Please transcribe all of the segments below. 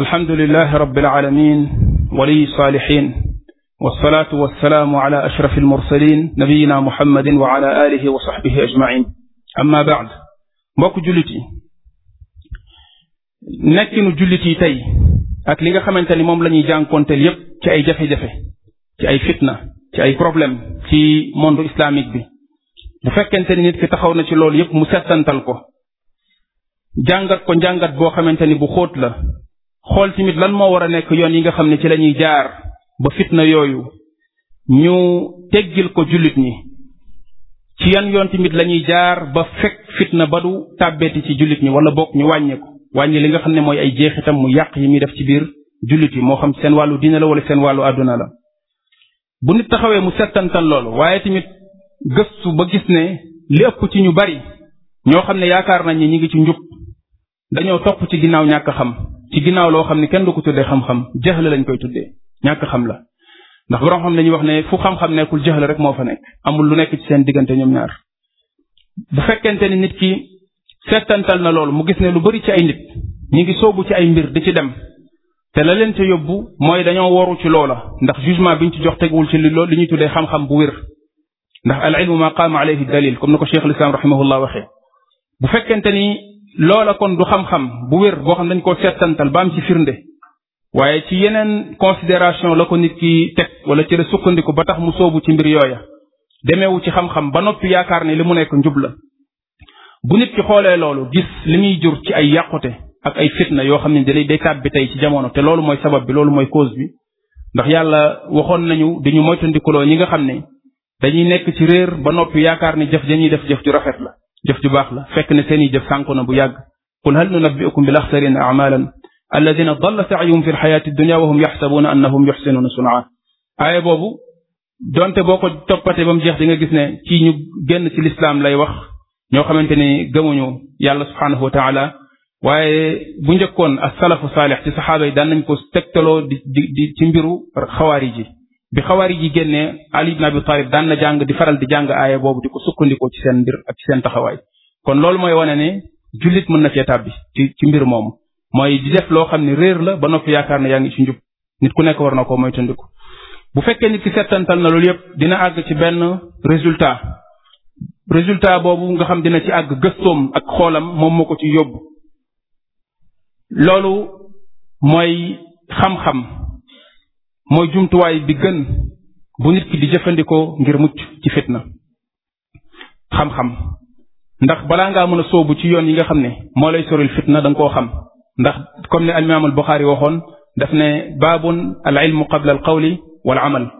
alhamdulilahi rabbil aalamiin waliy saalihiin wasalaatu wasalaamu ala ashraf almursaliin nabiyina muhammadin wa ala aalihi wa saxbihi ajmain amma baad mbokk jullit yi nekkinu jullit yi li nga xamante ni moom la ñuy jànkonteel yépp ci ay jafe-jafe ci ay fitna ci ay problème ci monde islamique bi bu fekkente ni nit ki taxaw na ci loolu yépp mu settantal ko jàngat ko njàngat boo xamante ni bu xóot la xool tamit lan moo war a nekk yoon yi nga xam ne ci lañuy jaar ba fitna yooyu ñu teggil ko jullit ñi ci yan yoon tamit lañuy jaar ba fekk fitna ba du tàbbeeti ci jullit ñi wala bokk ñu wàññi ko li nga xam ne mooy ay jeexitam mu yàq yi muy def ci biir jullit yi moo xam seen wàllu diine la wala seen wàllu àdduna la bu nit taxawee mu settantal loolu waaye tamit gëstu ba gis ne li ëpp ci ñu bari ñoo xam ne yaakaar nañ ne ñi ngi ci njub dañoo topp ci ginnaaw ñàkk xam ci ginnaaw loo xam ne kenn du ko tuddee xam-xam jaxla lañ koy tuddee ñàkk xam la ndax borom xam dañuy wax ne fu xam-xam nekkul jaxla rek moo fa nekk amul lu nekk ci seen diggante ñoom ñaar bu fekkente ni nit ki settantal na loolu mu gis ne lu bari ci ay nit ñi ngi soobu ci ay mbir di ci dem te la leen ca yóbbu mooy dañoo waru ci loola ndax jugement biñ ci jox teguwul ci li lool li ñuy tuddee xam-xam bu wér ndax al ilmu ma qaama alayhi dalil comme ni ko cheikh al islam rahimahullah waxee bu fekkente loola kon du xam-xam bu wér boo xam dañ koo settantal ba am ci firnde waaye ci yeneen considération la ko nit ki teg wala ci la sukkandiku ba tax mu soobu ci mbir yooya demeewu ci xam-xam ba noppi yaakaar ne li mu nekk njub la bu nit ki xoolee loolu gis li muy jur ci ay yàqute ak ay fitna yoo xam ne dalay day tàbbi tey ci jamono te loolu mooy sabab bi loolu mooy cause bi ndax yàlla waxoon nañu di ñu loo ñi nga xam ne dañuy nekk ci réer ba noppi yaakaar ne jëf dañuy def jëf ju rafet la jëf ju baax la fekk ne seeni jëf sànku na bu yàgg qul hal nunabbi'ukum bil axsarina a'malan alladina dalla saayuhum fi lxayaati dunia wa hum yaxsabuuna annahum yuxsinuuna sunaa aaye boobu donte boo ko toppatee ba jeex di nga gis ne ci ñu génn ci lislaam lay wax ñoo xamante ni gëmuñu yàlla subhaanahu wa taala waaye bu njëkkoon as salafu saalix ci yi daan nañ ko tegtaloo di di di mbiru xawaarij yi bi xawaari yi génnee Ali ibn Abi Talib daan na jàng di faral di jàng aaya boobu di ko sukkandikoo ci seen mbir ak ci seen taxawaay kon loolu mooy wane ne jullit mën na cee tàbbi ci ci mbir moomu mooy di def loo xam ne réer la ba noppi yaakaar ne yaa ngi ci njub nit ku nekk war na ko moytandiku bu fekkee nit ki settantal na loolu yëpp dina àgg ci benn résultat résultat boobu nga xam dina ci àgg gëstoom ak xoolam moom moo ko ci yóbbu loolu mooy xam-xam mooy jumtuwaay bi gën bu ki di jëfandikoo ngir mucc ci fitna xam-xam ndax balaa ngaa mën a sóobu ci yoon yi nga xam ne moo lay soril fitna da nga koo xam ndax comme ne al imaam waxoon daf ne baabun al ilmu qabla al qawli wal amal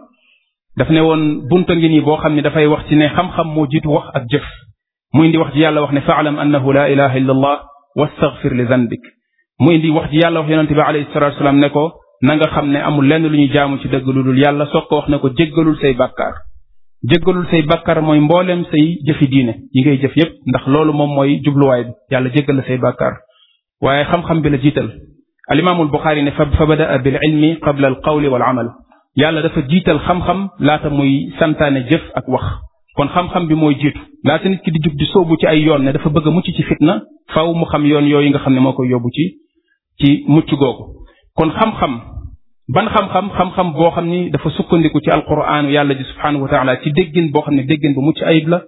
daf ne woon bunta ngi nii boo xam ne dafay wax ci ne xam-xam moo jiitu wax ak jëf mu indi wax ji yàlla wax ne faalam annahu la ilaha illa allah wastaghfir li zanbik mu indi wax ji yàlla wax yonente bi alayhi salatu wasalaam ne ko na nga xam ne amul lenn lu ñuy jaamu ci dëgg lu dul yàlla soog ko wax ne ko jéggalul say bàkkaar jéggalul say bàkkaar mooy mbooleem say jëfi diine yi ngay jëf yépp ndax loolu moom mooy jubluwaay bi yàlla jéggal la say bàkkaar waaye xam-xam bi la jiital alimaamul buxaari ne fa fa badaa bil ilmi qabla al qawli wal amal yàlla dafa jiital xam-xam laata muy santaane jëf ak wax kon xam bi mooy jiitu laata nit ki di jug di ci ay yoon ne dafa bëgg a ci fitna faaw mu xam yoon yooyu nga xam ne moo koy yóbbu ci ci mucc googu kon xam-xam ban xam-xam xam-xam boo xam ni dafa sukkandiku ci alquraanu yàlla ji subhaanahu wa taala ci déggin boo xam ne déggin bu mucc ayib la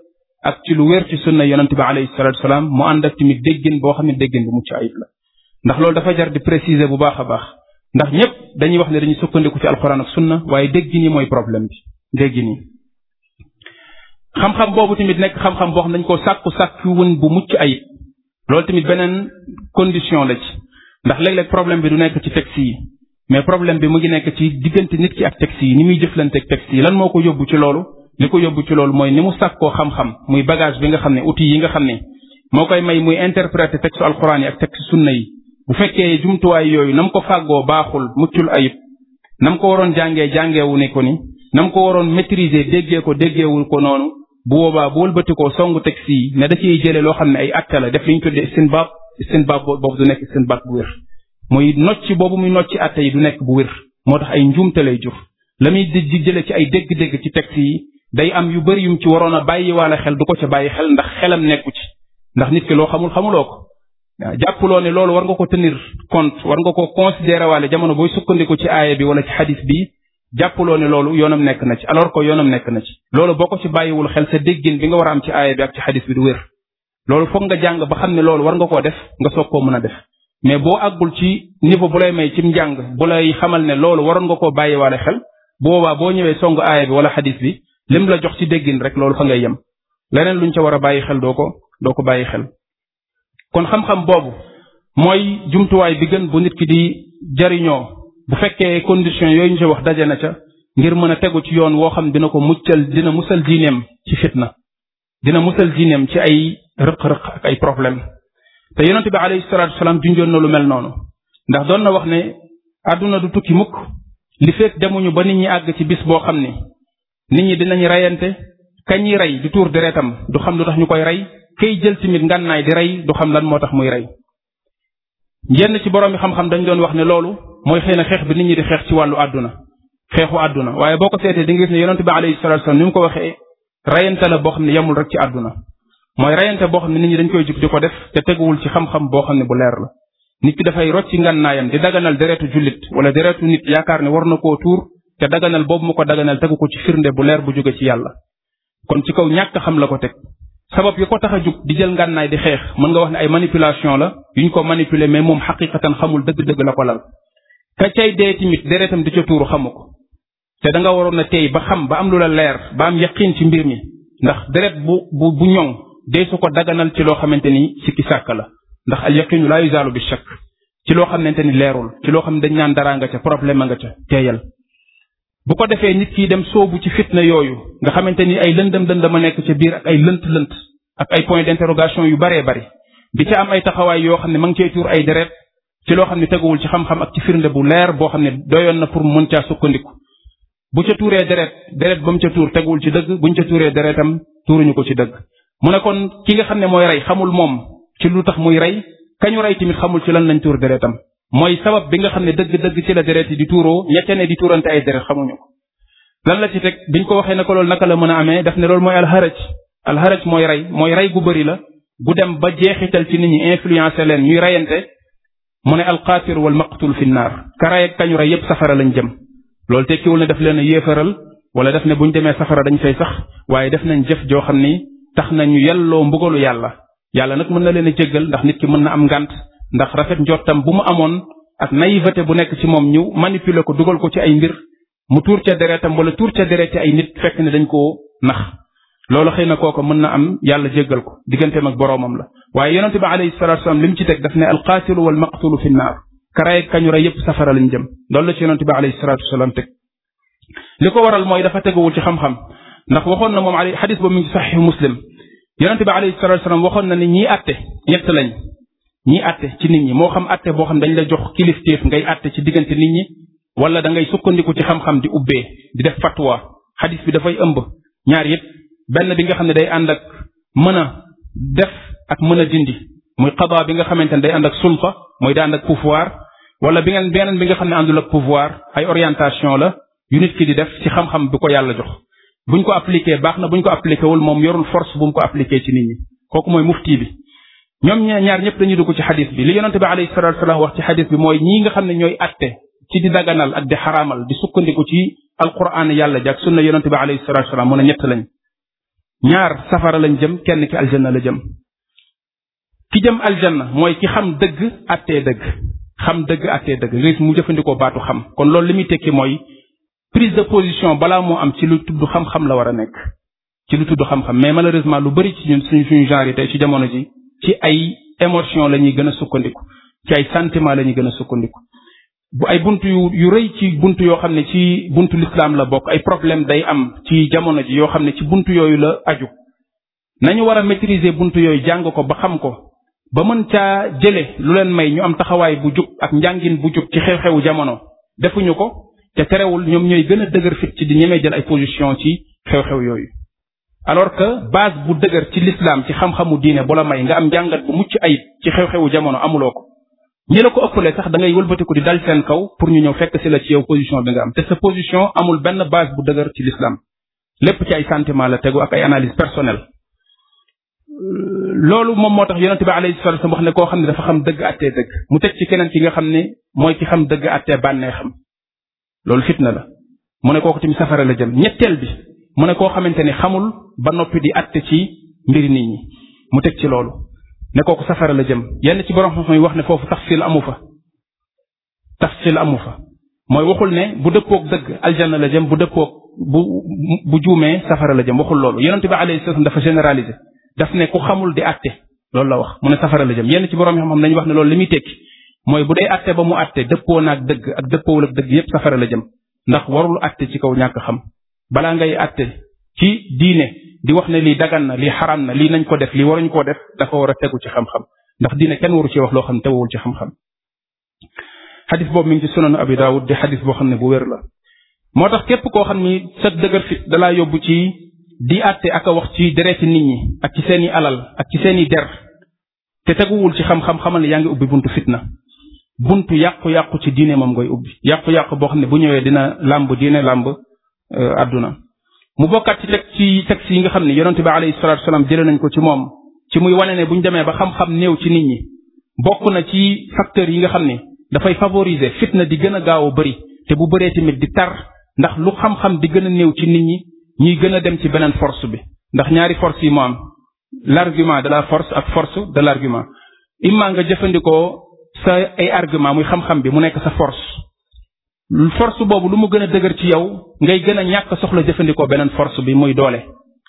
ak ci lu wér ci sunna yonente bi alayhi salatu salaam mu ànd ak tamit déggin boo xam ne déggin bu mucc la ndax loolu dafa jar di préciser bu baax a baax ndax ñëpp dañuy wax ne dañuy sukkandiku ci alquran ak sunna waaye déggin yi mooy problème bi déggin yi xam-xam boobu tamit nekk xam-xam boo xam dañ koo sàkku sàkku bu mucc ayib loolu tamit beneen condition la ci ndax léeg-léeg problème bi du nekk ci texte yi mais problème bi mu ngi nekk ci diggante nit ki ak texte yi ni muy jëflanteeg texte yi lan moo ko yóbbu ci loolu li ko yóbbu ci loolu mooy ni mu sàkkoo xam-xam muy bagage bi nga xam ne outils yi nga xam ne moo koy may muy interpréter texte alxuraan yi ak texte sunna yi bu fekkee jumtuwaay yooyu nam ko fàggoo baaxul muccul ayib nam ko waroon jàngee jàngeewu ne ko ni nam ko waroon maîtriser déggee ko déggeewul ko noonu bu boobaa bu wëlbatikoo songu texte yi ne da ciy jëlee loo xam ne ay atta def li ñu tuddee istinbaat istinbaat boobu du nekk istinbaat bu wér muy nocci boobu muy nocci àtte yi du nekk bu wér moo tax ay njuumte lay jur la muy di jële ci ay dégg-dégg ci texte yi day am yu bëri yum ci waroon a bàyyi waale xel du ko ci bàyyi xel ndax xelam nekku ci ndax nit ki loo xamul xamuloo ko jàppuloo ne loolu war nga ko tenir compte war nga ko considéré waale jamono booy sukkandiku ci aaya bi wala ci xadis bi jàppuloo ne loolu yoonam nekk na ci alors que yoonam nekk na ci loolu boo ko ci bàyyiwul xel sa déggin bi nga war am ci aaya bi ak ci loolu foog nga jàng ba xam ne loolu war nga koo def nga soog koo mën a def mais boo àggul ci niveau bu lay may cim njàng bu lay xamal ne loolu waroon nga koo bàyyiwaale xel boobaa boo ñëwee song aaya bi wala xadis bi lim la jox ci déggin rek loolu fa ngay yem leneen luñ ca war a bàyyi xel doo ko doo bàyyi xel kon xam-xam boobu mooy jumtuwaay bi gën bu nit ki di jariñoo bu fekkee condition yooyu ñu ci wax daje na ca ngir mën a tegu ci yoon woo xam dina ko muccal dina musal diineem ci fitna dina musal diineem ci ay rëq-rëq ak ay problème te yonente bi alayhi salaatu wasalaam junjoon na lu mel noonu ndax doon na wax ne àdduna du tukki mukk li fekk demuñu ba nit ñi àgg ci bis boo xam ni nit ñi dinañ reyante kañ ñi rey di tuur deretam du xam lu tax ñu koy rey kay jël tamit ngànnaay di rey du xam lan moo tax muy rey yenn ci borom yi xam-xam dañ doon wax ne loolu mooy xëy na xeex bi nit ñi di xeex ci wàllu àdduna xeexu àdduna waaye boo ko seetee di nga gis ne yonente bi alayhi mu ko waxee reyante boo xam ne yemul rek ci àdduna mooy reyante boo xam ne nit ñi dañ koy jug di ko def te teguwul ci xam-xam boo xam ne bu leer la nit ki dafay rocci ngànnaayam di daganal deretu jullit wala deretu nit yaakaar ne war na koo tuur te daganal boobu mu ko daganal tegu ko ci firnde bu leer bu jóge ci yàlla kon ci kaw ñàkk xam la ko teg sabab yi ko tax a jug di jël ngànnaay di xeex mën nga wax ne ay manipulation la yuñ ko manipuler mais moom xaqiqatan xamul dëgg-dëgg la ko lal ka cay dee tamit deretam di ca tuuru xamu ko te da nga waroon a tey ba xam ba am lu la leer ba am ci mbir mi ndax deret bu bu bu ñoŋ dee su ko daganal ci loo xamante ni sikki sàkk la ndax al yaqinu laa yuzaalu bi shakk ci loo xamante ni leerul loo xam ne dañ naan daraa nga ca problème nga ca bu ko defee nit ki dem soobu ci fitna yooyu nga xamante ni ay lëndëm lëndëm a nekk ca biir ay lënt lënt ak ay point d'interrogation yu baree bari di ca am ay taxawaay yoo xam ne ma ngi cay tuur ay deret ci loo xam ne teguwul ci xam-xam ak ci firnde bu leer boo xam ne doyoon na pour mun caa sukkandiku bu ca tuuree deret deret ba mu ca tuur teguwul ci dëgg buñ ca tuuree deretam tuuruñu ko ci dëgg mu ne kon ki nga xam ne mooy rey xamul moom ci lu tax muy rey kañu rey tamit xamul ci lan lañ tuur deretam mooy sabab bi nga xam ne dëgg-dëgg ci la deret yi di tuuroo ñette ne di tuurante ay deret xamuñu ko lan la ci teg bi ñu ko waxee ne ko loolu naka la mën a amee daf ne loolu mooy alxaraj alxaraj mooy rey mooy rey gu bëri la gu dem ba jeexital ci nit ñi influencé leen ñuy reyante mu ne alqaatir wal maqtul fi naar ka rey ak kañu rey yépp safara lañ jëm loolu tekkiwul leen a yéefaral wala daf ne buñ demee safara dañ fay sax waaye nañ jëf joo xam ni tax nañu yelloo mbugalu yàlla yàlla nag mën na leen a jéggal ndax nit ki mën na am ngant ndax rafet tam bu mu amoon ak naïveté bu nekk ci moom ñu manipuler ko dugal ko ci ay mbir mu tuur ca tam wala tuur ca deret ci ay nit fekk ne dañ ko nax loolu xëy na kooko mën na am yàlla jéggal ko digganteem ak boroomam la waaye yonente bi alayhi salatu wasalam li mu ci teg daf ne alqaatilu wal maqtulu fi nnaar karaay kañu yépp safara lañ jëm loolu la ci yonente bi alayhi salatu wasalam teg ko waral mooy dafa teguwul ci xam ndax waxoon na moom ali xadis ba mu ngi saxiix muslim yonente bi alayhi salatu salaam waxoon na ni ñii atte ñett lañ ñi atte ci nit ñi moo xam atte boo xam dañ la jox kilifteef ngay atte ci diggante nit ñi wala da ngay sukkandiku ci xam-xam di ubbee di def fatwa xadis bi dafay ëmb ñaar yëpp benn bi nga xam ne day ànd ak mën a def ak mën a dindi muy qadaa bi nga xamante ne day ànd ak sulta mooy daan ak pouvoir wala bi ngeen beneen bi nga xam ne àndul ak pouvoir ay orientation la yu nit ki di def ci xam-xam bi ko yàlla jox buñ ko appliqué baax na buñ ko appliqué wul moom yorul force bu ko appliqué ci nit ñi kooku mooy mufti bi ñoom ñaar ñëpp dañuy dugg ci xadis bi li yonente bi alayhi salatu wasalam wax ci xadis bi mooy ñii nga xam ne ñooy atte ci di dagganal ak di xaraamal di sukkandiku ci alquran yàlla jaag sunna yonente bi alayhi salatu wasalam mun a ñett lañ ñaar safara lañ jëm kenn ki aljanna la jëm ki jëm aljanna mooy ki xam dëgg attee dëgg xam dëgg attee dëgg ngis mu jëfandikoo baatu xam kon loolu li muy tekki mooy prise de position balaa moo am ci lu tudd xam-xam la war a nekk ci lu tudd xam-xam mais malheureusement lu bëri ci ñun suñ suñu genre yi tey ci jamono ji ci ay émotion la ñuy gën a sukkandiku ci ay sentiment la ñuy gën a sukkandiku bu ay bunt yu yu rëy ci bunt yoo xam ne ci buntu l'islam la bokk ay problème day am ci jamono ji yoo xam ne ci buntu yooyu la aju nañu war a maitriser bunt yooyu jàng ko ba xam ko ba mën caa jële lu leen may ñu am taxawaay bu jub ak njàngin bu jub ci xew-xewu jamono defuñu ko te terewul ñoom ñooy gën a dëgër fit ci di ñemee jël ay position ci xew-xew yooyu alors que base bu dëgër ci l'islam ci xam-xamu diine bu la may nga am njàngat bu mucc ayib ci xew-xewu jamono amuloo ko ñi la ko ëppalee sax da ngay wëlbatiku di dal seen kaw pour ñu ñëw fekk si la ci yow position bi nga am te sa position amul benn base bu dëgër ci l'islam lépp ci ay sentiment la tegu ak ay analyse personnelle loolu moom moo tax yonente bi alayhi salatu wax ne koo xam ne dafa xam dëgg attee mu teg keneen ki nga xam ne mooy ki xam dëgg attee bànnee xam loolu fitna la mu ne kooku tamit safara la jëm ñetteel bi mu ne koo xamante ni xamul ba noppi di àtte ci mbiri nit ñi mu teg ci loolu ne safara la jëm yenn ci borom xam-xam yi wax ne foofu tafsil amu fa tafsil amu fa mooy waxul ne bu dëppoog dëgg aljanna la jëm bu dëppoog bu bu juumee safara la jëm waxul loolu yonente bi alayhi salaam dafa généraliser daf ne ku xamul di àtte loolu la wax mu ne safara la jëm yenn ci borom yi xam-xam dañuy wax ne loolu li muy tekki mooy bu dee atte ba mu atte dëppoo naag dëgg ak dëppoowul ak dëgg yépp safara la jëm ndax warul atte ci kaw ñàkk xam balaa ngay atte ci diine di wax ne lii dagan na lii xaraam na lii nañ ko def lii waruñ koo def dafa war a tegu ci xam-xam ndax diine kenn waru ci wax loo xam teguwul ci xam-xam xadis boobu mi ngi ci sunanu abi daawud di xadis boo xam ne bu wér la moo tax képp koo xam ni sa dëgër fit dalaa yóbbu ci di àtte ak wax ci dereti nit ak ci seeni alal ak ci seeni der te teguwul ci xam-xam xamal ne yaa ngi ubbi buntu fitna buntu yàqu-yàqu ci diine moom ngay ubbi yàqu-yàqu boo xam ne bu ñëwee dina làmb diine làmb euh, àdduna mu bokkaat ci teg ci texte yi nga xam ne yonente bi alayhi salatu wasalaam jëlee nañ ko ci moom ci muy wane ne bu demee ba xam-xam néew ci nit ñi bokk na ci facteurs yi nga xam ni dafay favoriser fitna di gën a gaaw a bëri te bu bëree tamit di tar ndax lu xam-xam di gën a néew ci nit ñi ñuy gën a dem ci beneen force bi ndax ñaari force yi mu am l'argument de la force ak force de l'argument imma nga jëfandikoo sa ay argument muy xam-xam bi mu nekk sa force force boobu lu mu gën a dëgër ci yow ngay gën a ñàkk soxla jëfandikoo beneen force bi muy doole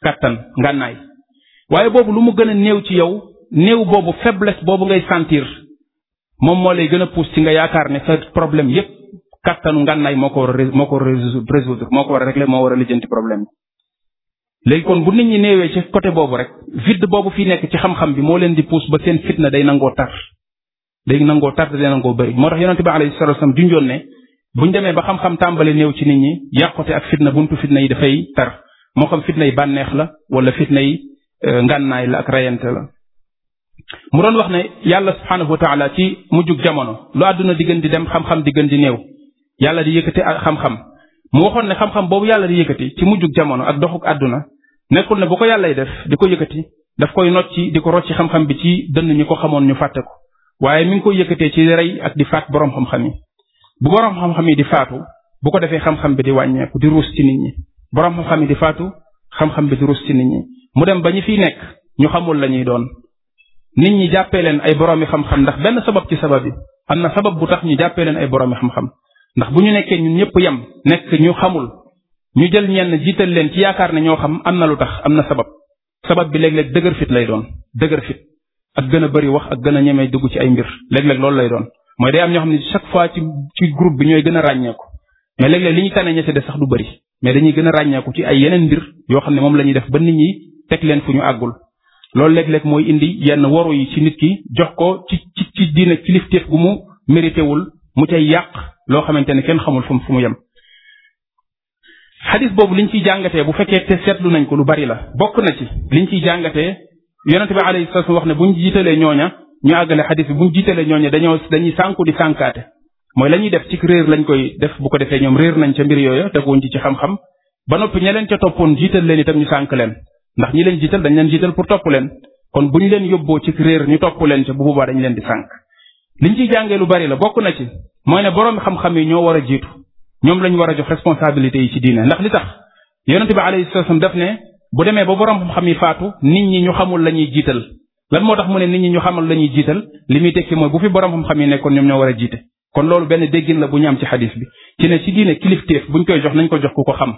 kàttan ngànnaay waaye boobu lu mu gën a néew ci yow néew boobu faiblesse boobu ngay sentir moom moo lay gën a pousse ci nga yaakaar ne sa problème yépp kàttanu ngànnaay moo ko war a moo ko war a résoudre moo ko war a régler moo war a lijjanti problème bi léegi kon bu nit ñi néewee ci côté boobu rek vide boobu fi nekk ci xam-xam bi moo leen di pousse ba seen fitna day nangoo tar léegi nangoo tardé nangoo bëri moo tax yonente bi alayhi salatu wasallam junjoon ne buñ demee ba xam-xam tàmbale néew ci nit ñi yàqute ak fitna buntu fitna yi dafay tar moo xam fitna yi bànneex la wala fitna yi euh, ngànnaay la ak rayante la mu doon wax ne yàlla subhaanahu wa taala ci mujjug jamono lu àdduna di di dem xam-xam di di néew yàlla di yëkkati xam-xam mu waxoon ne xam-xam boobu yàlla di yëkkati ci mujjug jamono ak doxuk àdduna nekkul ne bu ko yàllay def di ko yëkkati daf koy nocci di ko rocci xam ci dënn ñi ko xamoon ñu fàtte ko waaye mi ngi koy yëkkatee ci rey ak di faat boroom xam-xam yi bu boroom xam-xam yi di faatu bu ko defee xam-xam bi di wàññeeku di ruus ci nit ñi yi di faatu xam bi di ruus ci nit mu dem ba ñu fiy nekk ñu xamul la ñuy doon nit ñi jàppee leen ay boroomi xam-xam ndax benn sabab ci sabab yi am na sabab bu tax ñu jàppee leen ay boroomi xam-xam ndax bu ñu nekkee ñun ñëpp yem nekk ñu xamul ñu jël ñenn jiital leen ci yaakaar ne ñoo xam am na lu tax am na sabab sabab bi léeg-léeg dëgër fit lay doon dëgër fit ak gën a bëri wax ak gën a ñemee dugg ci ay mbir léeg-léeg loolu lay doon mooy day am ñoo xam ne chaque fois ci groupe bi ñooy gën a ràññeeku mais léeg-léeg li ñu tane ña ci des sax du bëri mais dañuy gën a ràññeeku ci ay yeneen mbir yoo xam ne moom la ñuy def ba nit ñi teg leen fu ñu àggul loolu léeg-léeg mooy indi yenn waru yi ci nit ki jox ko ci ci ci diina kilifteef gu mu mérité wul mu cay yàq loo xamante ne kenn xamul fu fu mu yem xadis boobu liñ ciy jàngatee bu fekkee te nañ ko lu bari la bokk na yonente bi alayhi salaatu wax ne buñ jiitalee ñooña ñu àggale xadis bi buñ jiitalee ñooña dañoo dañuy sànku di sànkaate mooy la ñuy def ci réer lañ koy def bu ko defee ñoom réer nañ ca mbir yooya teguwuñ ci ci xam-xam ba noppi ña leen ca toppoon jiital leen itam ñu sànk leen ndax ñi leen jiital dañ leen jiital pour topp leen kon ñu leen yóbboo ci réer ñu topp leen ca bu boobaa dañ leen di sànk liñ ciy jàngee lu bari la bokk na ci mooy ne borom xam-xam yi ñoo war a jiitu ñoom lañ war a jox responsabilité yi ci diine ndax li tax yonente bi alayhi bu demee ba borom xam yi faatu nit ñi ñu xamul la ñuy jiital lan moo tax mu ne nit ñi ñu xamal la ñuy jiital li muy tekki mooy bu fi borom xam-xam yi nekkoon ñoom ñoo war a jiite. kon loolu benn déggin la bu ñu am ci xadis bi ci ne ci diine kilifteef buñ koy jox nañ ko jox ku ko xam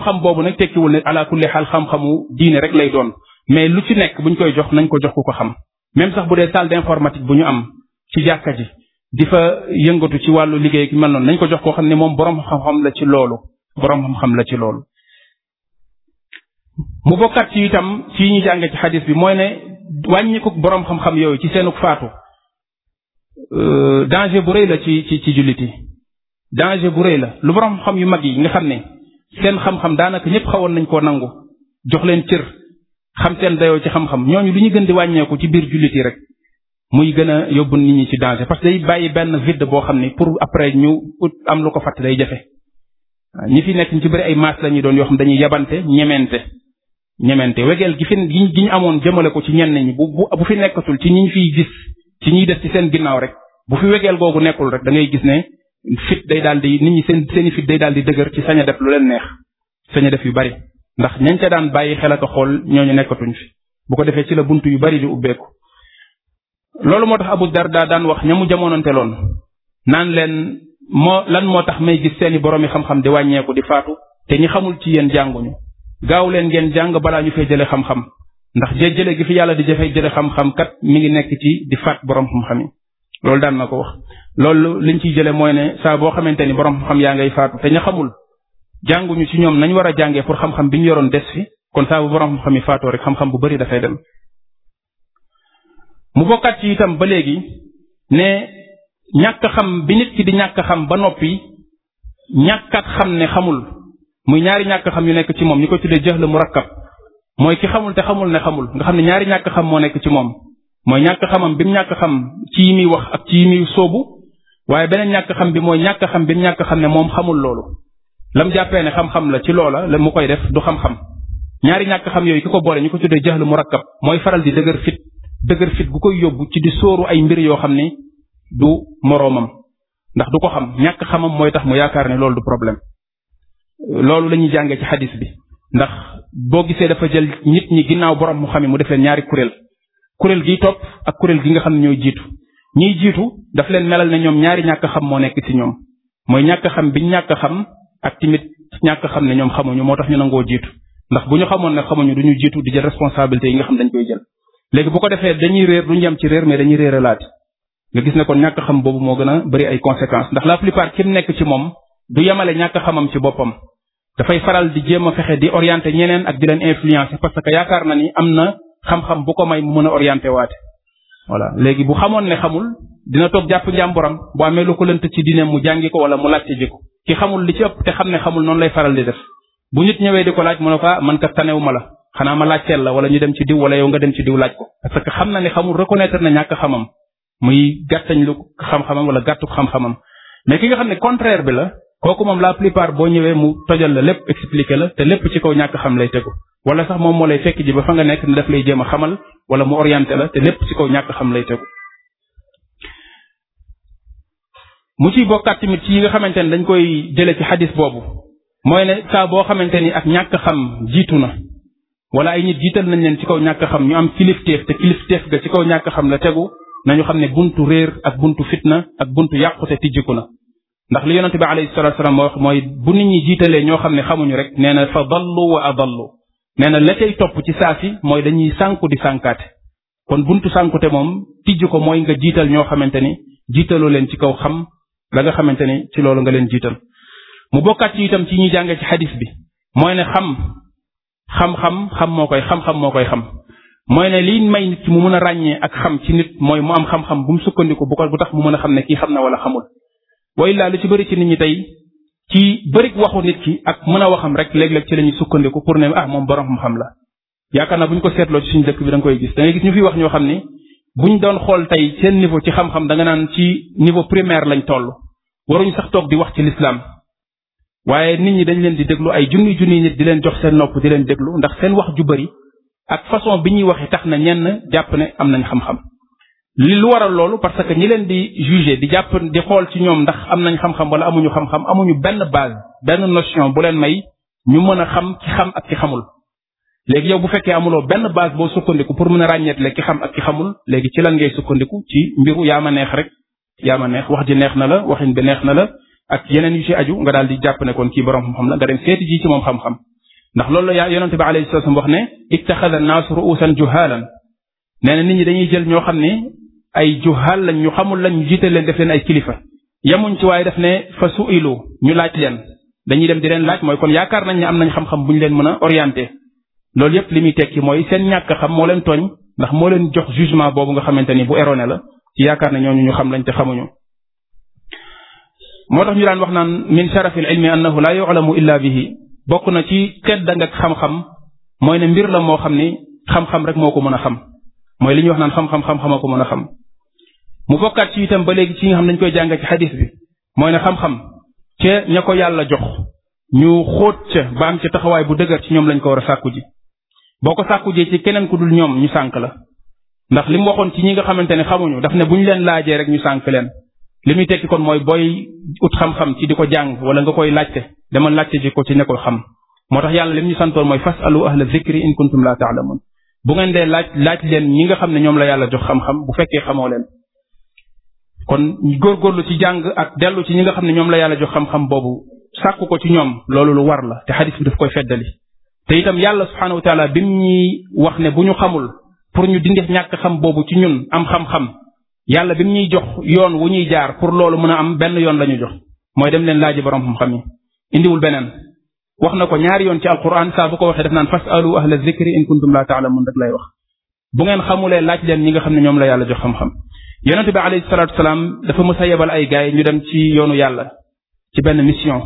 xam boobu nag tekkiwul ne ala kulli xaal xam-xamu rek lay doon mais lu ci nekk buñ koy jox nañ ko jox ku ko xam même sax bu dee salle d'informatique bu ñu am ci jàkka ji di fa yëngatu ci wàllu liggéey ki mel noonu nañ ko jox koo xam ne moom borom xam-xam la ci loolu borom xam-xam la ci loolu mu bokkat ci itam fii ñu jànge ci xadis bi mooy ne wàññiku boroom xam-xam yooyu ci seenuk faatu euh, danger bu rëy la ci ci ci jullit yi danger bu rëy la lu boroom xam yu mag yi nga xam ne seen xam-xam daanaka ñëpp xawoon nañ ko nangu jox leen cër xam seen dayoo ci xam-xam ñooñu lu ñu gën di wàññeeku ci biir jullit yi rek muy gën a yóbbu nit ñi ci danger parce que day bàyyi benn vide boo xam ni pour après ñu ut am lu ko fàtt lay jafe ñi fi nekk ñu ci bëri ay la ñuy doon yoo xam dañuy yabante ñemente ñemente wegeel gi fi gi ñu amoon jëmale ko ci ñenn ñi bu bu bu fi nekkatul ci ñi fiy gis ci ñiy des ci seen ginnaaw rek bu fi wegeel googu nekkul rek dangay gis ne fit day daal di nit ñi seen seeni fit day daal di dëgër ci sañ def lu leen neex sañ def yu bari ndax ñañ ca daan bàyyi xel ak xool ñu nekkatuñ fi bu ko defee ci la bunt yu bari di ubbeeku loolu moo tax abul Abu Darda daan wax ñamu mu jamononte naan leen moo lan moo tax may gis seeni boroomi xam-xam wàññeeku di faatu te ñi xamul ci yéen jànguñu gaaw leen ngeen jàng balaa ñu fay jële xam-xam ndax jëjjële gi fi yàlla di jëfee jële xam-xam kat mi ngi nekk ci di faat borom xam-xam yi loolu daan na ko wax loolu liñ ciy jële mooy ne saa boo xamante ni borom xam-xam yaa ngay faatu te ña xamul jànguñu ci ñoom nañ war a jàngee pour xam-xam bi ñu yoroon des fi kon saa bu borom xam-xam yi faatoo rek xam-xam bu bari dafay dem mu bokkaat ci itam ba léegi ne ñàkk xam bi nit ki di ñàkk xam ba noppi ñàkkaat xam ne xamul muy ñaari ñàkk xam yu nekk ci moom ñu ko tuddee jëxla murakkab mooy ki xamul te xamul ne xamul nga xam ne ñaari ñàkk xam moo nekk ci moom mooy ñàkk xamam bi mu ñàkk xam ci yi muy wax ak ci yi sóobu waaye beneen ñàkk xam bi mooy ñàkk xam bi mu ñàkk xam ne moom xamul loolu lam jàppee ne xam-xam la ci loola la mu koy def du xam-xam ñaari ñàkk xam yooyu ki ko boole ñu ko tuddee jëxlu murakkab mooy faral di dëgër fit dëgër fit bu koy yóbbu ci di sóoru ay mbir yoo xam ne du moroomam ndax du ko xam ñàkk xamam mooy tax mu yaakaar ne loolu du problème loolu la ñuy jàngee ci xadis bi ndax boo gisee dafa jël nit ñi ginnaaw borom mu xam mu def leen ñaari kuréel kuréel gi topp ak kuréel gi nga xam ne ñooy jiitu ñiy jiitu daf leen melal ne ñoom ñaari ñàkk xam moo nekk ci ñoom mooy ñàkk xam biñ ñàkk xam ak timit ñàkk xam ne ñoom xamuñu moo tax ñu nangoo jiitu ndax bu ñu xamoon ne xamuñu duñu jiitu di jël responsabilité yi nga xam dañ koy jël léegi bu ko defee dañuy réer duñu yem ci réer mais dañuy réeralaati nga gis ne kon ñàkk xam boobu moo gën a bari ay conséquence ndax la plupart kim nekk ci moom du yemale ñàkk xamam ci boppam dafay faral di jéem a fexe di orienté ñeneen ak di leen influencé parce que yaakaar na ni am na xam-xam bu ko may mu mën a orienté waate voilà léegi bu xamoon ne xamul dina toog jàpp njàmboram bu amee lu ko lënt ci diine mu jàngi ko wala mu laajte ji ko ki xamul li ci ëpp te xam ne xamul noonu lay faral di def bu nit ñëwee di ko laaj mu ne ko ah man kat tanewu ma la xanaa ma laajteel la wala ñu dem ci diw wala yow nga dem ci diw laaj ko parce que xam na ne xamul reconnaître na ñàkk xamam muy gàttañ lu xam-xamam wala gàttu xam mais ki xam ne contraire bi la kooku moom la plupart boo ñëwee mu tojal la lépp expliquer la te lépp ci kaw ñàkk xam lay tegu wala sax moom moo lay fekk ji ba fa nga nekk ne daf lay jéem a xamal wala mu orienté la te lépp ci kaw ñàkk xam lay tegu mu ciy yi nga xamante ne dañ koy jële ci boobu mooy ne saa boo xamante ni ak ñàkk xam jiitu na wala ay nit jiital nañ leen ci kaw ñàkk xam ñu am te kilifteef ga ñàkk xam la tegu nañu xam ne buntu réer ak buntu fitna ak buntu yàqute tijjiku na ndax li yonente bi alayhi salatu salaam mooy bu nit ñi jiitalee ñoo xam ne xamuñu rek nee na fa dallu wa a nee na la cay topp ci saa si mooy dañuy sànku di sànkaate kon buntu sànkute moom tijj ko mooy nga jiital ñoo xamante ni jiitaloo leen ci kaw xam la nga xamante ni ci loolu nga leen jiital mu bokkaat ci itam ci ñuy jàngee ci xadis bi mooy ne xam xam-xam xam moo koy xam-xam moo koy xam mooy ne liy may nit ki mu mën a ràññee ak xam ci nit mooy mu am xam bu mu sukkandiku bu ko bu tax mu mën a xam ne kii xam na wala xamul wa illaa lu ci bëri ci nit ñi tey ci bëri waxu nit ki ak mën a waxam rek léeg-léeg ci la ñuy sukkandiku pour ne ah moom borom xam-xam la. yaakaar naa bu ñu ko seetloo ci suñu dëkk bi da nga koy gis da ngay gis ñu fi wax ñoo xam ni ñu doon xool tey seen niveau ci xam-xam da nga naan ci niveau primaire lañ toll waruñ sax toog di wax ci lislaam waaye nit ñi dañ leen di déglu ay junni junni nit di leen jox seen nopp di leen déglu ndax seen wax ju bëri ak façon bi ñuy waxee tax na ñenn jàpp ne am nañ xam-xam li lu waral loolu parce que ñi leen di juger di jàpp di xool ci ñoom ndax am nañ xam-xam wala amuñu xam-xam amuñu benn base benn notion bu leen may ñu mën a xam xam ak xamul. léegi yow bu fekkee amuloo benn base boo sukkandiku pour mën a ràññeetle ki xam ak ki xamul léegi ci lan ngay sukkandiku ci mbiru yaa neex rek yaa ma neex wax ji neex na la waxin bi neex na la ak yeneen yu ci aju nga daal di jàpp ne kon kii borom xam-xam la nga dem seeti ji ci moom xam-xam ndax loolu la yaa yonente bi alayhi salaam wax ne ittaxada annaasu ruusan juhaalan nee na nit ñi dañuy xam ne ay juhal lañ ñu xamul lañ ñu jiite leen def leen ay kilifa yamuñ ci waaye def ne fa su ilu ñu laaj leen dañuy dem di leen laaj mooy kon yaakaar nañ ne am nañ xam-xam bu ñu leen mën a orienté loolu yépp li muy tekki mooy seen ñàkk xam moo leen tooñ ndax moo leen jox jugement boobu nga xamante ni bu erroné la ci yaakaar na ñooñu ñu xam lañ te xamuñu moo tax ñu daan wax naan min sharafil ilmi annahu la yu'lamu illa bihi bokk na ci tedd ak xam-xam mooy ne mbir la moo xam ni xam rek moo ko mën a xam mooy li ñuy wax naan xam-xam ko mën a xam mu bokkaat ci itam ba léegi ci nga xam dañ koy jàng ci xadis bi mooy ne xam-xam ca ña ko yàlla jox ñu xóot ca ba am taxawaay bu dëgër ci ñoom lañ ko war a sàkku ji boo ko sàkku jee ci keneen ku dul ñoom ñu sànk la ndax li mu waxoon ci ñi nga xamante ne xamuñu daf ne bu ñu leen laajee rek ñu sànk leen li muy tekki kon mooy booy ut xam-xam ci di ko jàng wala nga koy laajte dama laajte ji ko ci ne ko xam moo tax yàlla lim ñu santoon mooy fasalu ahla zikri in kuntum la taalamun laaj laaj leen ñi nga xam ne ñoom la yàlla jox xam-xam bu fekkee xamoo leen kon góor góorgóorlu ci jàng ak dellu ci ñi nga xam ne ñoom la yàlla jox xam-xam boobu sàkku ko ci ñoom loolu lu war la te xadis bi daf koy feddali te itam yàlla subhaanahu wa taala bim ñuy wax ne bu ñu xamul pour ñu dindi ñàkk xam boobu ci ñun am xam-xam yàlla bim ñuy jox yoon wu ñuy jaar pour loolu mën a am benn yoon la ñu jox mooy dem leen laaji borom xam-xam yi indiwul beneen wax na ko ñaari yoon ci alquran saa bu ko waxee def naan fasalu ahla zikri in kuntum la taalamun rek lay wax bu ngeen xamulee laaj leen ñi nga xam ne ñoom la yàlla jox yonente bi alayhi salaatu salaam dafa mës a yebal ay gaay ñu dem ci yoonu yàlla ci benn mission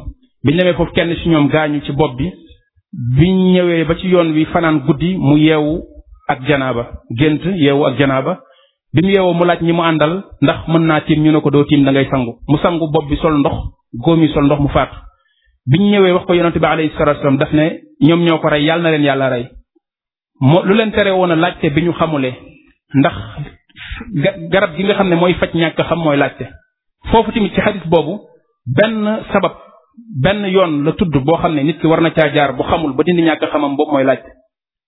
biñ demee foofu kenn ci ñoom gaañu ci bopp bi biñ ñëwee ba ci yoon wi fanaan guddi mu yeewu ak janaaba gént yeewu ak janaaba bi mu yeewoo mu laaj ñi mu àndal ndax mën naa tiim ñu ne ko doo tiim da ngay sangu mu sangu bopp bi sol ndox góom yi sol ndox mu faatu biñ ñëwee wax ko yonente bi alayhi salaatu salaam daf ne ñoom ñoo ko rey yàlla na leen yàlla rey moo lu leen tere woon a bi ñu xamulee garab gi nga xam ne mooy faj ñàkk xam mooy laajte foofu tamit ci xadis boobu benn sabab benn yoon la tudd boo xam ne nit ki war na caa jaar bu xamul ba dindi ñàkk xamam boobu mooy laajte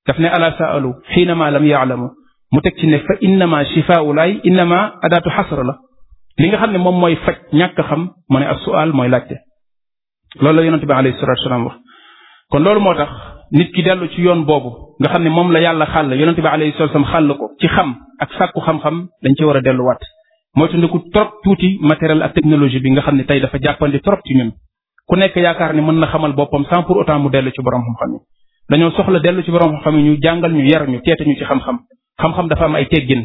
daf ne ala saalu xiinama lam yaalamu mu teg ci ne fa innama shifaau lay innama adaatu xasra la li nga xam ne moom mooy faj ñàkk xam mu ne as sual mooy laajte loolu la yonente bi alayhi salatu wasalaam wax kon loolu moo tax nit ki dellu ci yoon boobu nga xam ne moom la yàlla xàll yonente bi alayhi salatu wasallam xàll ko ci xam ak sàkku xam-xam dañ ci war a delluwaat mooy tundiku trop tuuti matériel ak technologie bi nga xam ne tey dafa jàppandi trop ci ñun ku nekk yaakaar ne mën na xamal boppam sans pour autant mu dellu ci borom xam-xam yi dañoo soxla dellu ci borom xam-xam yi ñu jàngal ñu yar ñu teete ñu ci xam-xam xam-xam dafa am ay teggin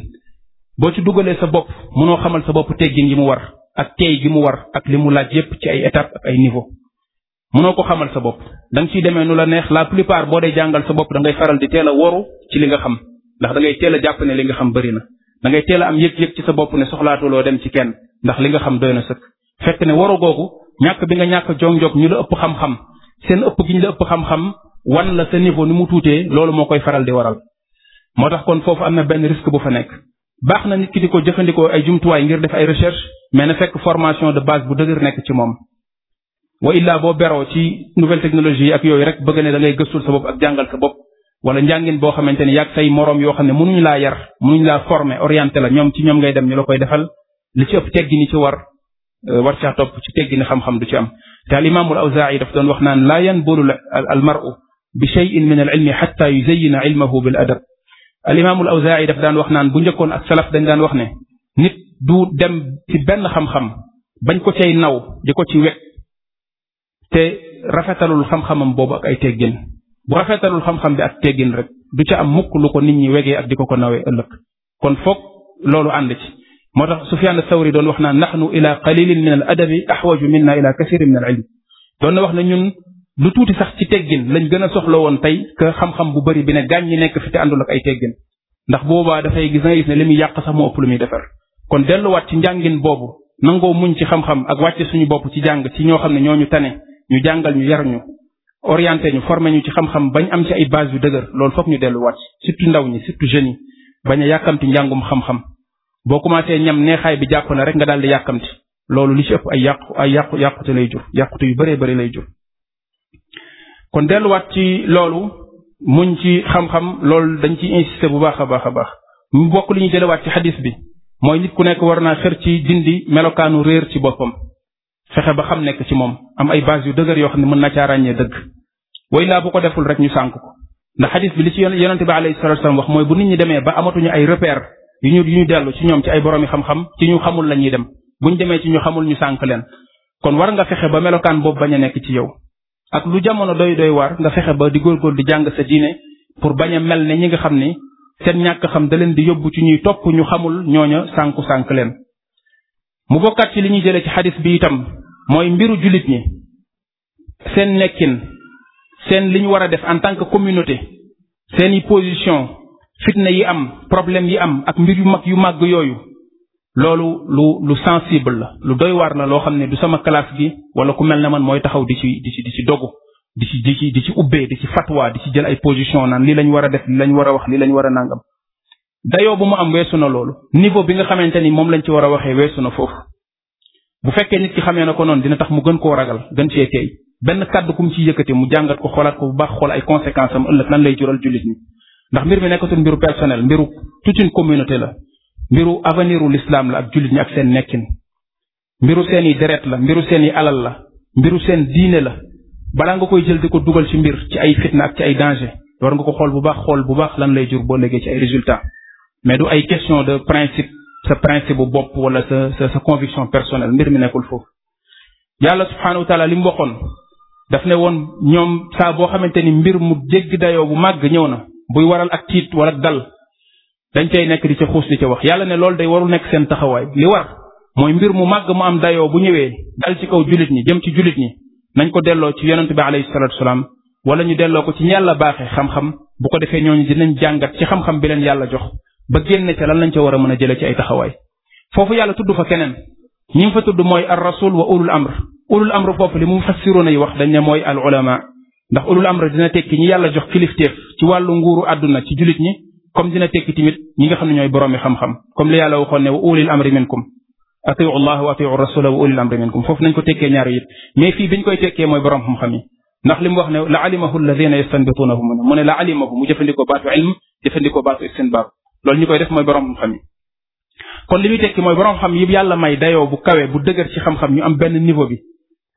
boo ci dugalee sa bopp mënoo xamal sa bopp teggin yi mu war ak teey gi mu war ak li mu laaj yépp ci ay étape ay niveau munoo ko xamal sa bopp da nga ciy demee nu la neex la plupart boo dee jàngal sa bopp da ngay faral di teel a woru ci li nga xam ndax da ngay teel a jàpp ne li nga xam bëri na da a am yëg-yëg ci sa bopp ne soxlaatuloo dem ci kenn ndax li nga xam doy na sëkk fekk ne waru googu ñàkk bi nga ñàkk jog-jog ñu la ëpp xam-xam seen ëpp gi ñu la ëpp xam-xam wan la sa niveau ni mu tuutee loolu moo koy faral di waral moo tax kon foofu am na benn risque bu fa nekk baax na nit ki jëfandikoo ay jumtuwaay ngir def ay recherche mais na fekk formation de base bu dëgër nekk ci moom wa illaa boo beroo ci nouvelle technologie yi ak yooyu rek bëgg ne da ngay gëstul sa bopp ak jàngal sa wala njàngin boo xamante ne yàgg say moroom yoo xam ne mënuñu laa yar mënuñu laa former orienté la ñoom ci ñoom ngay dem ñu la koy defal li ci ëpp teggi ni ci war euh, war caa topp ci teggi xam-xam du ci am te al imaamul awzaa'i daf doon wax naan laa yanbulu al mar'u bi shay'in min al ilmi xatta yuzayyina ilmahu bil adab al imaamul awzaa'i daf daan wax naan bu njëkkoon ak salaf dañ daan wax ne nit du dem ci benn xam-xam bañ ko cay naw di ko ci wekk te rafetalul xam-xamam boobu ak ay teggin bu rafetalul xam-xam bi ak teggin rek du ca am mukk lu ko nit ñi wegee ak di ko ko nawee ëllëg kon foog loolu ànd ci moo tax Sufyaan Sawri doon wax naa nu ila qalilin min al adabi ahwaju minna ila kasirin min al ilm doon na wax na ñun lu tuuti sax ci teggin lañ gën a soxla woon tey que xam-xam bu bari bi ne ñi nekk fi te àndul ak ay teggin ndax boobaa dafay gis nga gis ne li muy yàq sax moo ëpp lu muy defar kon delluwaat ci njàngin boobu nangoo muñ ci xam ak wàcce suñu bopp ci jàng ci ñoo xam ne ñooñu tane ñu jàngal ñu yar ñu orienté ñu formé ñu ci xam-xam bañ am ci ay base yu dëggër loolu foog ñu delluwaat surtout ndaw ñi surtout jeunes bañ a yàkkamti njàngum xam-xam boo commencé ñam neexaay bi jàpp na rek nga daal di yàkkamti loolu li ci ëpp ay yàqu ay yàqu yàqute lay jur yàqute yu bëree bëri lay jur kon delluwaat ci loolu muñ ci xam-xam loolu dañ ci insisté bu baax a baax a baax mu bokk li ñu delluwaat ci xadis bi mooy nit ku nekk war naa xër ci dindi melokaanu réer ci boppam fexe ba xam nekk ci moom am ay base yu dëgër yoo xam ne mën na caa ràññee dëgg way laa bu ko deful rek ñu sànk ko ndax xadis bi li ci yonente bi alayhi salatu wasallam wax mooy bu nit ñi demee ba amatuñu ay repère yu ñu yu ñu dellu ci ñoom ci ay boroomi xam-xam ci ñu xamul la ñuy dem buñ demee ci ñu xamul ñu sànk leen kon war nga fexe ba melokaan boobu bañ a nekk ci yow ak lu jamono doy doy war nga fexe ba di góorgóor di jàng sa diine pour bañ a mel ne ñi nga xam ni seen ñàkk xam da leen di yóbbu ci ñuy topp ñu xamul ñooña sànku sànk leen mu bokkaat ci li ñuy jëlee ci xadis bi itam mooy mbiru jullit ñi seen nekkin seen li ñu war a def en tant que communauté seeni position fitna yi am problème yi am ak mbir yu mag yu màgg yooyu loolu lu lu sensible la lu doy war la loo xam ne du sama classe gi wala ku mel na man mooy taxaw di ci di ci di ci dogu di ci di ci di ci ubbee di ci fatwa di ci jël ay position naan lii lañ war a def lii lañ war a wax lii lañu war a nangam dayoo bu mu am weesu na loolu niveau bi nga xamante ni moom lañ ci war a waxee weesu na foofu bu fekkee nit ki xamee na ko noonu dina tax mu gën koo ragal gën cee tey benn kàddu ku mu ciy yëkkati mu jàngat ko xoolaat ko bu baax xool ay conséquence am ëllëg lan lay jural jullit ñi ndax mbir mi nekkatul mbiru personnel mbiru toute une communauté la mbiru avenir lislaam la ak jullit ñi ak seen nekkin mbiru seen i deret la mbiru seen i alal la mbiru seen diine la balaa nga koy jël di ko dugal ci mbir ci ay fitna ay danger war nga ko xool bu baax xool bu baax lan lay jur boo léegi ay résultats mais du ay question de principe sa principe bu bopp wala sa sa conviction personnelle mbir mi nekkul foofu yàlla subhaanahu wa taala li mu waxoon daf ne woon ñoom saa boo xamante ni mbir mu jégg dayoo bu màgg ñëw na buy waral ak tiit wala dal dañ tey nekk di ca xuus di ca wax yàlla ne loolu day waru nekk seen taxawaay li war mooy mbir mu màgg mu am dayoo bu ñëwee dal ci kaw jullit ñi jëm ci jullit ñi nañ ko delloo ci yonent bi alayhi salaatu salaam wala ñu delloo ko ci yàlla baaxee xam bu ko defee ñooñu dinañ jàngat ci xam-xam bi jox ba génne ca lan lañ ca war a mën a jëlee ci ay taxawaay foofu yàlla tudd fa keneen ñi mu fa tudd mooy ar wa ulul amr ulul amr boobu li mu fassiroona yi wax dañ ne mooy al ulama ndax ulul amr dina tekki ñi yàlla jox kilifteef ci wàllu nguuru àdduna ci jullit ñi comme dina tekki tamit ñi nga xam ñooy boroomi xam-xam comme li yàlla waxoon ne wa ulil amri minkum atiu allah wa atiu rasula wa minkum foofu nañ ko tekkee ñaari it mais fii biñ koy tekkee mooy borom xam-xam yi ndax li mu wax ne la alimahu alladina yastanbituunahu mu ne loolu ñu koy def mooy boroom xam yi kon li muy tekki mooy borom xam yi yàlla may dayoo bu kawee bu dëgër ci xam-xam ñu am benn niveau bi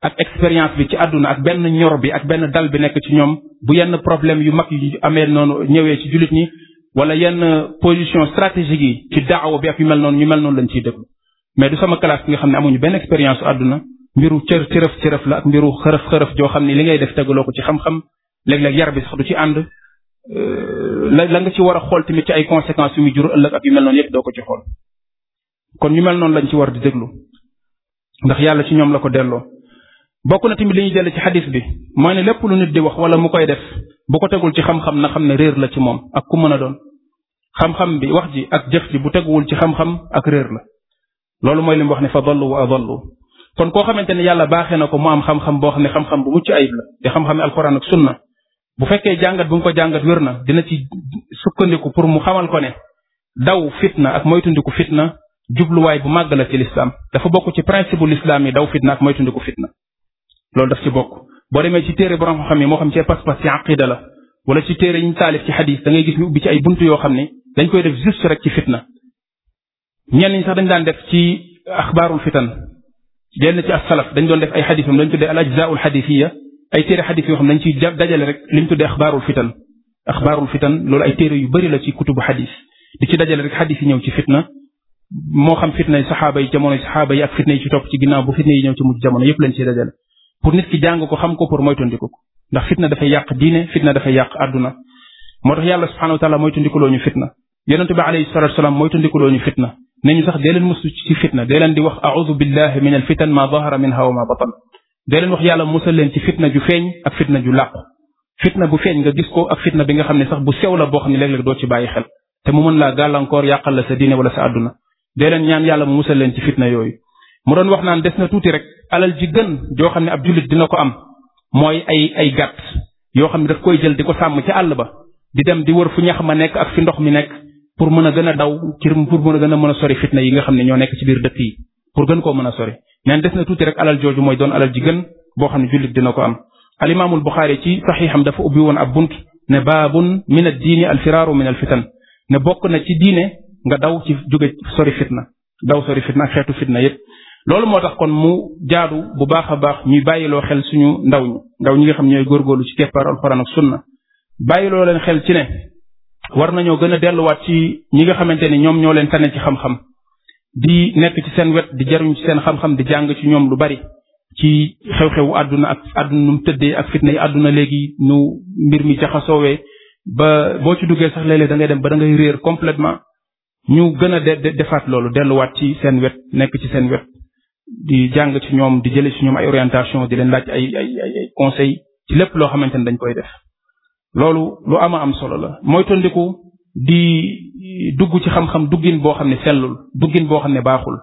ak expérience bi ci àdduna ak benn ñor bi ak benn dal bi nekk ci ñoom bu yenn problème yu mag yu amee noonu ñëwee ci jullit ñi wala yenn position stratégique yi ci daawa bi ak yu mel noonu ñu mel noonu lañ ciy déglu mais du sama classe bi nga xam ne amuñu benn expérience àdduna mbiru cër cërëf cërëf la ak mbiru xërëf xërëf joo xam ne li ngay def tegaloo ko ci xam-xam léeg yar bi sax du ci ànd la la nga ci war a xool tamit ci ay conséquences yu muy jur ëllëg ak yu mel noonu yëpp doo ko ci xool kon ñu mel noonu lañ ci war di déglu ndax yàlla ci ñoom la ko delloo bokk na tamit li ñuy dellu ci xadis bi mooy ne lépp lu nit di wax wala mu koy def bu ko tegul ci xam-xam na xam ne réer la ci moom ak ku mën a doon xam-xam bi wax ji ak jëf ji bu teguwul ci xam-xam ak réer la loolu mooy li mu wax ne fa dallu wa adallu kon koo xamante ne yàlla baaxee na ko mu am xam boo xam ne xam-xam bu mucc ayib la di xam-xam alquran ak bu fekkee jàngat bu mu ko jàngat wér na dina ci sukkandiku pour mu xamal ko ne daw fitna ak moytundiku fitna jubluwaay bu màgg la ci lislaam dafa bokk ci principe lislaam yi daw fitna ak moytundiku fitna loolu daf ci bokk boo demee ci téere borom xam yi moo xam ci pas-pas ci aqida la wala ci téere yi ñu taalif ci xadis da ngay gis ñu ubbi ci ay bunt yoo xam ne dañ koy def juste rek ci fitna ñenn ñi sax dañ daan def ci axbaarul fitan yenn ci as salaf dañ doon def ay xadisam dañ tuddee al ajzaul xadisiya ay téere xadis yoo xam dañ ciy dajale rek li ñu tuddee axbaarul fitan axbaarul fitan loolu ay téere yu bëri la ci kutubu xadis di ci dajale rek xadis yi ñëw ci fitna moo xam fitna yi saxaaba yi jamono saxaaba yi ak fitna yi ci ginnaaw bu fitna yi ñëw ci mujj yëpp lañ ciy dajale pour nit ki ko xam ko pour moytandiku ko ndax fitna dafay yàq diine fitna dafay yàq àdduna moo tax yàlla subhanahu wa taala moytandikuloo ñu fitna yonente bi alayhi salatu salaam moytandikuloo ñu fitna ne ñu a dee leen mustu ci fitna dee leen di wax audu billahi min alfitan ma dahara minha wa ma batan dee leen wax yàlla musal leen ci fitna ju feeñ ak fitna ju làqu fitna bu feeñ nga gis ko ak fitna bi nga xam ne sax bu sew la boo xam ne léeg-léeg doo ci bàyyi xel te mu mën laa gàllankoor yàqal la sa diine wala sa àdduna dee leen ñaan yàlla mu musal leen ci fitna yooyu mu doon wax naan des na tuuti rek alal ji gën joo xam ne ab jullit dina ko am mooy ay ay gàtt yoo xam ne daf koy jël di ko sàmm ca àll ba di dem di wër fu ñax ma nekk ak fi ndox mi nekk pour mën a gën a daw ci pour mën a gën a mën a sori yi nga xam ne ñoo nekk ci biir dëkk yi pour gën ko mën a sori neen des na tuuti rek alal jooju mooy doon alal ji gën boo xam ne jullit dina ko am alimaamul buxaari ci xam dafa ubbi woon ab bunt ne baabun min ad diini alfiraaru min alfitan ne bokk na ci diine nga daw ci jóge sori fitna daw sori fitna ak xeetu fitna yépp loolu moo tax kon mu jaadu bu baax a baax ñuy bàyyiloo xel suñu ndaw ñi ndaw ñi nga xam ñooy góorgóorlu ci keppaar alxuraan ak sunna bàyyiloo leen xel ci ne war nañoo gën a delluwaat ci ñi nga xamante ne ñoom ñoo leen tane ci xam-xam di nekk ci seen wet di jaruñ ci seen xam-xam di jàng ci ñoom lu bari ci xew-xewu àdduna ak àdduna nu mu tëddee ak fitna yi àdduna léegi nu mbir mi jaxasoowee ba boo ci duggee sax léeg-léeg da dem ba da ngay réer completement ñu gën a de defaat loolu delluwaat ci seen wet nekk ci seen wet di jàng ci ñoom di jële ci ñoom ay orientation di leen laaj ay ay ay conseil ci lépp loo xamante ne dañ koy def loolu lu ama am solo la mooy di dugg ci xam-xam duggin boo xam ne sellul duggin boo xam ne baaxul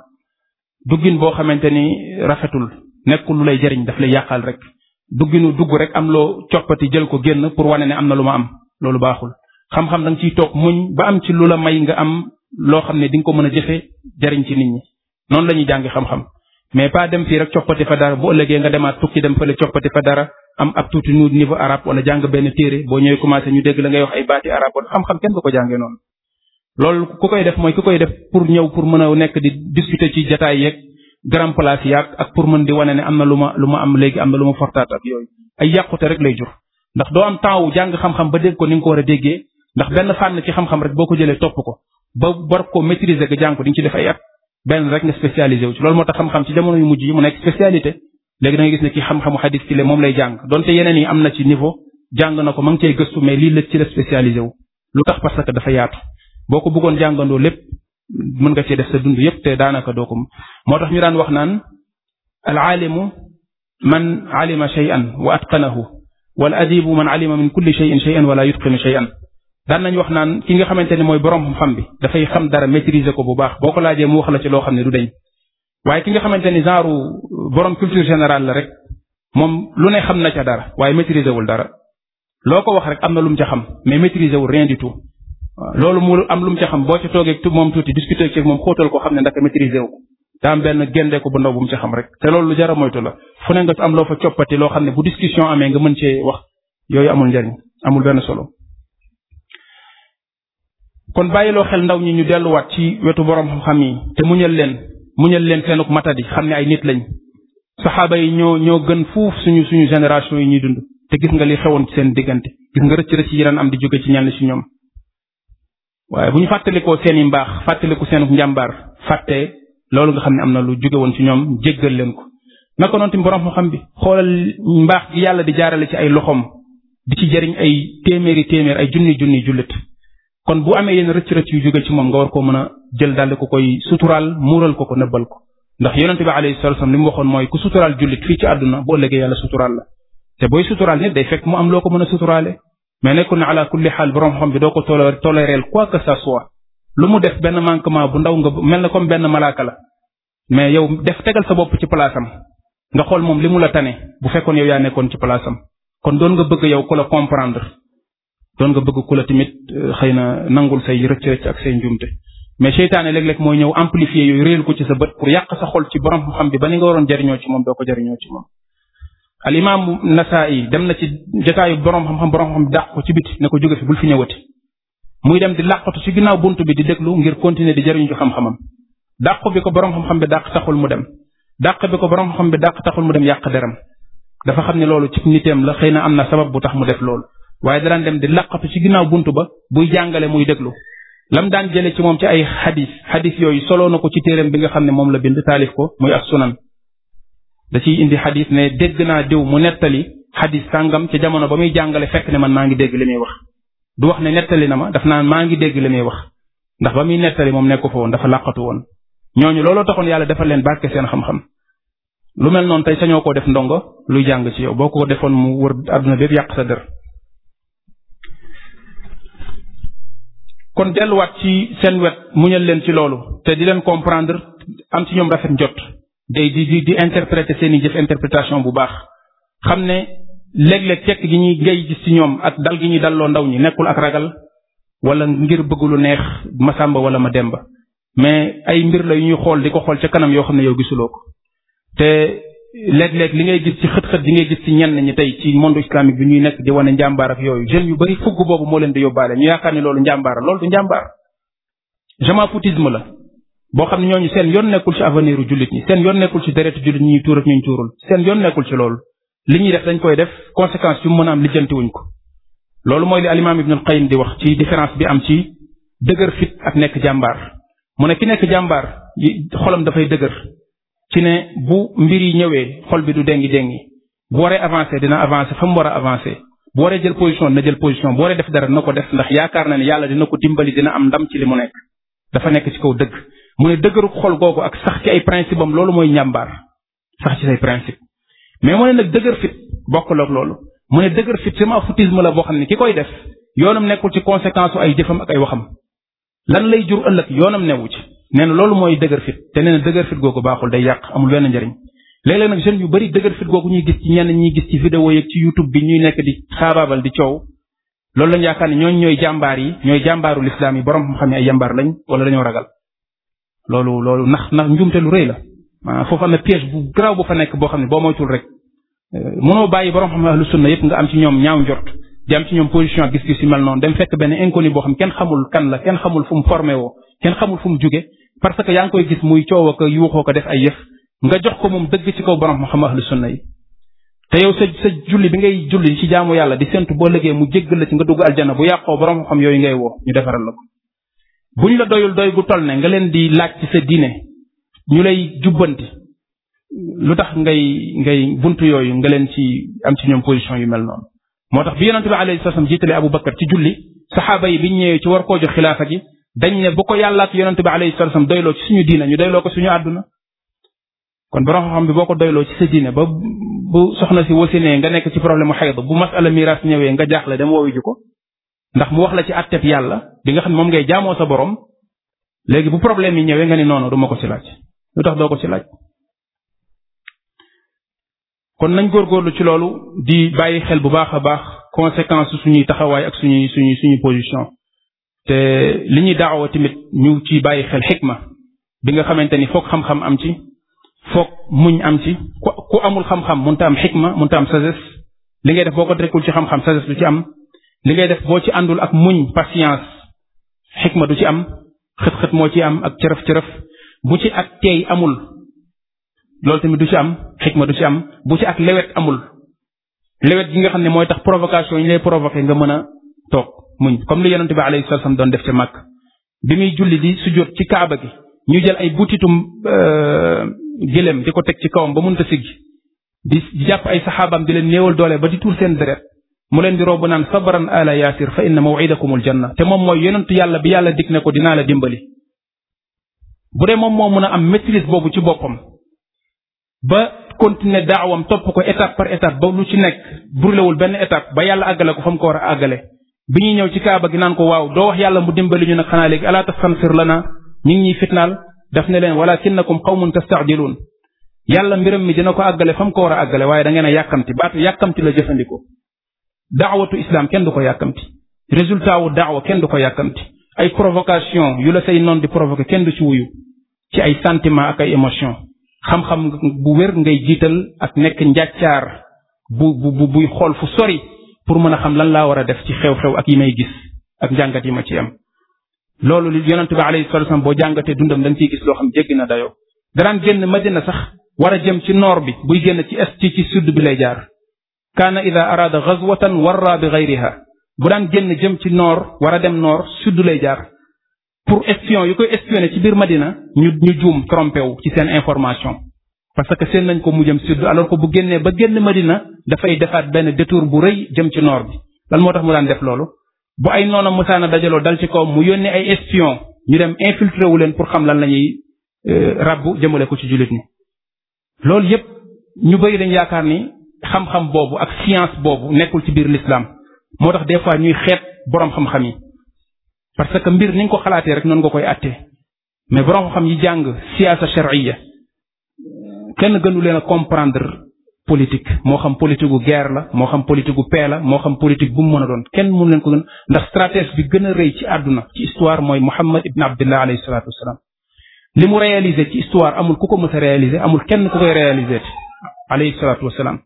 duggin boo xamante ni rafetul nekkul lu lay jariñ daf lay yàqal rek dugginu dugg rek am loo coppati jël ko génn pour wane ne am na lu ma am loolu baaxul xam-xam da nga toog muñ ba am ci lu la may nga am loo xam ne di nga ko mën a jëfe jariñ ci nit ñi noonu la ñuy jàngi xam-xam mais pas dem fii rek coppati fa dara bu ëllëgee nga demaat tukki dem fële coppati fa dara am ab tuuti nu niveau arabe wala jàng benn téere boo ñëwee commencé ñu dégg la ngay wax ay baati arabe wala xam-xam kenn du ko jàngee noonu loolu ku koy def mooy ku koy def pour ñëw pour mën nekk di discuter ci jataay yeeg grand place yaag pour mën di wane ne am na lu ma lu ma am léegi am na lu ma fortaat ak yooyu ay yàqute rek lay jur ndax doo am temps wu jàng xam-xam ba dégg ko ni ko war a déggee ndax benn fànn ci xam-xam rek boo ko jëlee topp ko ba war ko maîtriser nga jàng def ay at benn rek nga spécialisé moo tax xam ci jamono yu mujj yi mu léegi da nga gis ne ki xam-xamu xadis ci le moom lay jàng donte yeneen yi am na ci niveau jàng na ko ma ngi cay gëstu mais lii la ci la spécialisé wu lu tax parce que dafa yaatu boo ko bëggoon jàngandoo lépp mën nga cee def sa dund yépp te daanaka doo ko moo tax ñu daan wax naan al aalimu man alima shay'an wa atqanahu wal adibu man alima min kulli shay'in shay'an wala yutqinu shay'an daan nañ wax naan ki nga xamante ne mooy borom xam bi dafay xam dara maîtriser ko bu baax boo ko laajee mu wax la ci loo xam ne du dañ waaye ki nga xamante ni genre borom culture générale la rek moom lu ne xam na ca dara waaye maîtriser wul dara loo ko wax rek am na lu mu ca xam mais maîtriser wul rien du tout waaw loolu mu am lu mu ca xam boo ca toogee moom tuuti discuter ci moom xóotal ko xam ne ndaka maîtriser wu ko daa benn géndee ko bu ndaw bu mu ca xam rek te loolu lu jara moytu la fu ne nga am loo fa coppati loo xam ne bu discussion amee nga mën cee wax yooyu amul njariñ amul benn solo kon bàyyiloo xel ndaw ñi ñu delluwaat ci wetu borom xam-xam yi te muñal leen muñal leen seenuk matadi xam ne ay nit lañ saxaaba yi ñoo ñoo gën fuuf suñu suñu génération yi ñuy dund te gis nga li xewoon ci seen diggante gis nga rëcc rëcc yi daan am di jóge ci ñenn si ñoom waaye bu ñu fàttalikoo seen i mbaax fàttaliku seenuk njàmbaar fàtte loolu nga xam ne am na lu jóge woon ci ñoom jéggal leen ko naka noonu tamit borom xam bi xoolal mbaax gi yàlla di jaarale ci ay loxoom di ci jariñ ay téeméeri téeméer ay junni junni jullit kon bu amee yenn rëcc rëcc yu jóge ci moom nga war koo mën jël daldi ko koy suturaal muural ko ko nëbbal ko ndax yonente bi alayhi salatu wasallam li mu waxoon mooy ku suturaal jullit fii ci àdduna bu ëllëgee yàlla suturaal la te booy suturaal nit day fekk mu am loo ko mën a suturaale mais nekkul ne ala kulli xaal borom xam doo ko tol toléreel quoi que ça soit lu mu def benn manquement bu ndaw nga mel na comme benn malaaka la mais yow def tegal sa bopp ci place am nga xool moom li mu la tane bu fekkoon yow yaa nekkoon ci place kon doon nga bëgg yow ku la comprendre doon nga bëgg ku la tamit euh, xëy na nangul say rëcc-rëcc ak say njuumte mais seytaane léeg-léeg mooy ñëw amplifier yooyu réel ko ci sa bët pour yàq sa xol ci borom xam-xam bi ba ni nga waroon jariñoo ci moom doo ko jariñoo ci moom al imam dem na ci jotaayu borom xam-xam borom xam-xam ci biti ne ko jóge fi bul fi ñëwati muy dem di làqatu ci ginnaaw bunt bi di déglu ngir continuer di jariñu ci xam-xamam dàq bi ko borom xam-xam bi dàq taxul mu dem dàq bi ko borom xam-xam bi dàq taxul mu dem yàq deram dafa xam ne loolu ci niteem la xëy na am na sabab bu tax mu def loolu waaye daan dem di laqatu ci ginnaaw bunt ba buy jàngale muy déglu lam daan jële ci moom ci ay xadis xadis yooyu soloo na ko ci téereem bi nga xam ne moom la bind taalif ko muy ak sunan da ci indi xadis ne dégg naa diw mu nettali xadis sàngam ci jamono ba muy jàngale fekk ne man maa ngi dégg li muy wax du wax ne nettali na ma daf naa maa ngi dégg li muy wax ndax ba muy nettali moom nekku fa woon dafa làqatu woon ñooñu looloo taxoon yàlla defal leen barke seen xam-xam lu mel noonu tey sañoo koo def ndongo luy jàng ci yow boo ko defoon mu wër àdduna bépp yàq sa der kon delluwaat ci seen wet muñal leen ci loolu te di leen comprendre am ci ñoom rafet njot day di di di interpréter seen i jëf interprétation bu baax xam ne léeg-léeg tekk gi ñuy ngay ci ñoom ak dal gi ñuy dalloo ndaw ñi nekkul ak ragal wala ngir bëgg lu neex Masamba wala demba mais ay mbir la yu ñuy xool di ko xool ca kanam yoo xam ne yow gisuloo ko te léeg-léeg li ngay gis ci xët-xët di ngay gis ci ñenn ñi tey ci monde islamique bi ñuy nekk di wane njàmbaar ak yooyu jeunes yu bari fugg boobu moo leen di yóbbaale ñu yaakaar ne loolu njàmbaar loolu du njàmbaar jamafoutisme la boo xam ne ñooñu seen yoon nekkul ci avenir u ñi seen yoon nekkul ci deretu jullit ñi ñuy tuur ak ñu tuurul seen yoon nekkul ci loolu li ñuy def dañ koy def conséquence yu mën a am lijjantiwuñ ko loolu mooy li alimaam ibnul Qayyim di wax ci différence bi am ci dëgër fit ak nekk jàmbaar mu ne ki nekk jàmbaar xolam dafay dëgër ci ne bu mbir yi ñëwee xol bi du dengi dengi bu waree avancer dina avancer fa mu war a avancer bu waree jël position na jël position bu waree def dara na ko def ndax yaakaar na ne yàlla dina ko dimbali dina am ndam ci li mu nekk dafa nekk ci kaw dëgg mu ne dëgëru xol googu ak sax ci ay principe am loolu mooy njàmbaar sax ci say principe mais mu ne nag dëgër fit bokkul loolu mu ne dëgër fit sama foutisme la boo xam ne ki koy def yoonam nekkul ci conséquence ay jëfam ay waxam lan lay jur ëllëg yoonam newu ci nee na loolu mooy dëgër fit te nee na dëgër fit googu baaxul day yàq amul benn njariñ léeg-léeg nag jën yu bari dëgër fit googu ñuy gis ci ñenn ñuy gis ci vidéo yeeg ci youtube bi ñuy nekk di xaabaabal di coow loolu lañ yaakaar ne ñooñ ñooy jàmbaar yi ñooy jàmbaaru lislaam yi borom xam-xam ay jàmbaar lañ wala dañoo ragal loolu loolu ndax ndax njuumte lu rëy la maanaam foofu am na piège bu garaaw bu fa nekk boo xam ne boo moytul rek euh, mënoo bàyyi borom xam ahlu sunna yëpp nga am ci ñoom ñaaw njort di ñoom position gis-gis yu noonu dem fekk benn inconnu boo xam kenn xamul kan la kenn xamul fu mu formé woo kenn xamul fu mu jóge parce que yaa ngi koy gis muy coow ko yuuxoo ko def ay yëf nga jox ko moom dëgg ci kaw borom xam-xam ahlu sunna yi te yow sa sa julli bi ngay julli ci jaamu yàlla di séntu boo lëgee mu jéggal la ci nga dugg aljana bu yàqoo borom xam yooyu ngay woo ñu defaral la ko buñ la doyul doy bu toll ne nga leen di laaj ci sa diine ñu lay jubbanti lu tax ngay ngay buntu yooyu nga leen ci am ci ñoom position yu mel noonu moo tax bi yonente bi alayhi jiitale Abu Bakar ci julli saxaaba yi biñ ñëwee ci war koo jox xilaafa gi dañ ne bu ko yàlla ak yonent bi alayhi salatu wasallam doyloo ci suñu diine ñu doyloo ko suñu àdduna kon borom xam bi boo ko doyloo ci sa diine ba bu soxna si wasinee nga nekk ci problème mu xayd bu masala miraas ñëwee nga jaaxle dem woowu ji ko ndax mu wax la ci atteb yàlla bi nga xam ne moom ngay jaamoo sa borom léegi bu problème yi ñëwee nga ni noonu duma ko ci laaj lu tax doo ko ci laaj kon nañ góorgóorlu ci loolu di bàyyi xel bu baax a baax conséquence suñuy taxawaay ak suñuy suñuy suñu position te li ñuy daawa tamit ñu ci bàyyi xel xikma bi nga xamante ni foog xam-xam am ci foog muñ am ci ku ku amul xam-xam mënta am xikma mënta am li ngay def boo ko tekkul ci xam-xam sagesse du ci am li ngay def boo ci àndul ak muñ patience xikma du ci am xët-xët moo ci am ak cërëf-cërëf bu ci ak teey amul loolu tamit du ci am xikma du ci am bu ci ak lewet amul lewet gi nga xam ne mooy tax provocation yi lay provoqué nga mën a toog muñ comme li yonente bi alayhi salaam doon def ca màkk bi muy julli di sujjóot ci kaaba gi ñu jël ay butitum euh, gëléem di ko teg ci kawam ba mënta siggi di jàpp ay saxaabaam di leen néewal doole ba di tuur seen deret mu leen di roobu naan sabran ala yaasir fa inna mawidakumul janna te moom mooy yonentu yàlla bi yàlla dig ne ko dinaa la dimbali bu dee moom moo mun a am maîtrise boobu ci boppam ba ne daawam topp ko étape par étape ba lu ci nekk brûlewul benn étape ba yàlla àggale ko fa mu ko war a àggale bi ñuy ñëw ci kaaba gi naan ko waaw doo wax yàlla mu dimbali ñu nag xanaa léegi alaa tastanfir lana ñu ngi ñuy fitnaal daf ne leen walakinakum qawmun tastaajiluun yàlla mbiram mi dina ko àggale fa ko war a àggale waaye da ngeen a yàkkamti baatu yàkkamti la jëfandikoo daawatu islam kenn du ko yàkkamti résultat wu daawa kenn du ko yàkkamti ay provocation yu la say noon di provoqué kenn du ci wuyu ci ay sentiment ak ay émotion xam-xam bu wér ngay jiital ak nekk njàccaar bu bu xool fu sori pour mën a xam lan laa war a def ci xew-xew ak yi may gis ak njàngat yi ma ci am loolu li yonent bi alayhi salatu wasallam boo jàngatee dundam da nga ciy gis loo xam jéggi na dayoo daraan génn madina sax war a jëm ci noor bi buy génn ci est sud bi lay jaar kaana ida araada gazwatan warra bi gayriha bu daan génn jëm ci noor war a dem noor sud lay jaar pour espion yu koy espionné ci biir madina ñu juum trompé wu ci seen information parce que seen nañ ko mu jëm sud alors ko bu génnee ba génn Madina dafay defaat benn détour bu rëy jëm ci noor bi lan moo tax mu daan def loolu bu ay noonam musaana dajaloo dal ci kaw mu yónni ay espion ñu dem infiltré wu leen pour xam lan la ñuy euh, rabbu jëmale ko ci jullit ñi loolu yépp ñu bëri dañ yaakaar ni xam-xam boobu ak science boobu nekkul ci biir l'islam moo tax des fois ñuy xeet boroom xam-xam yi parce que mbir ni ko xalaatee rek noonu nga koy àttee mais boroom xam-xam yi jàng siyaasa shar'iyya kenn gënu leen a comprendre politique moo xam politique gu geer la moo xam politique gu paix la moo xam politique bu mu mën a doon kenn mënu leen ko gën ndax stratège bi gën a rëy ci àdduna ci histoire mooy Muhammad ibn Abdullah alayhi salaatu wasalaam li mu réaliser ci histoire amul ku ko mës a amul kenn ku koy réaliser ti alayhi salaatu wasalaam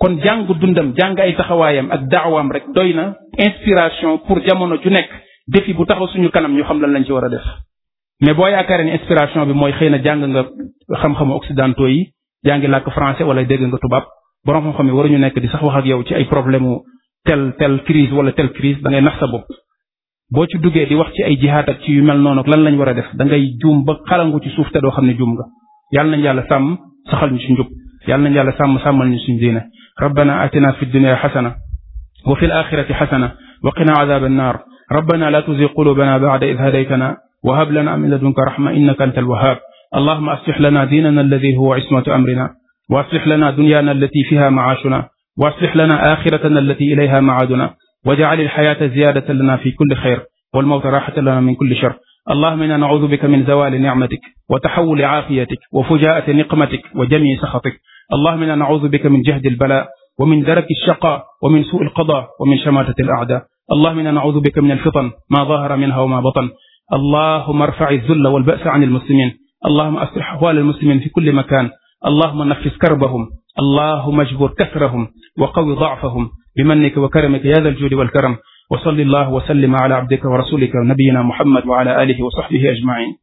kon jàng dundam jàng ay taxawaayam ak daawaam rek doy na inspiration pour jamono ju nekk défi bu taxaw suñu kanam ñu xam lan lañ ci war a def mais boo yaakaaree ne inspiration bi mooy xëy na jàng xam-xamu occidentaux yi yaa ngi làkk français wala dégg nga tubaab borom xam-xam yi ñu nekk di sax wax ak yow ci ay problème mu tel tel crise wala tel crise da ngay nax sa bopp. boo ci duggee di wax ci ay jihaat ak ci yu mel noonu ak lan lañ war a def dangay ngay juum ba xalangu ci suuf te doo xam ne juum nga yàlla nañ yàlla sàmm saxal ñu ci njub yàlla nañ yàlla sàmm sàmmal ñu suñu diine rabbana atina fi dunya xasana wa fi alaxirati xasana wa qina adab annar rabbana la tuzi qulubana bada id wa hab lana min ladunka rahma innaka anta allahuma aslix lana diinana alladi huwa ismatu amrina wa aslix lana dunyaana allati fiha maashuna wa aslix lana axiratana allati ilayha maaduna wajcal alxayaata ziyaadatan lana fi kulli xayr walmawta raaxatan lana min kulli shar allahuma inna naudu bika min zawali nicmatik wa taxawuli caafiyatik wa fujaati niqmatik wa jamii saxatik allahuma inna naudu bika min jahdi albala wa min daraki alshaqa wa min suui alqada wa min shamaatati alacda allahuma inna naudu bika min alfitan ma dahara minha wa ma batan allahuma arfaci zulla walbasa an almuslimin allahuma aslih ahwaal almuslimin fi kulli makaan allahuma nafis karbahum allahuma ajbur kasrahum wa qawi daafahum bimannika wa karamika ya dal juudi wal karam wa salli allah wa sallim ala abdika wa rasulika nabiyina muhammad wa ala alihi wa sahbihi ajmain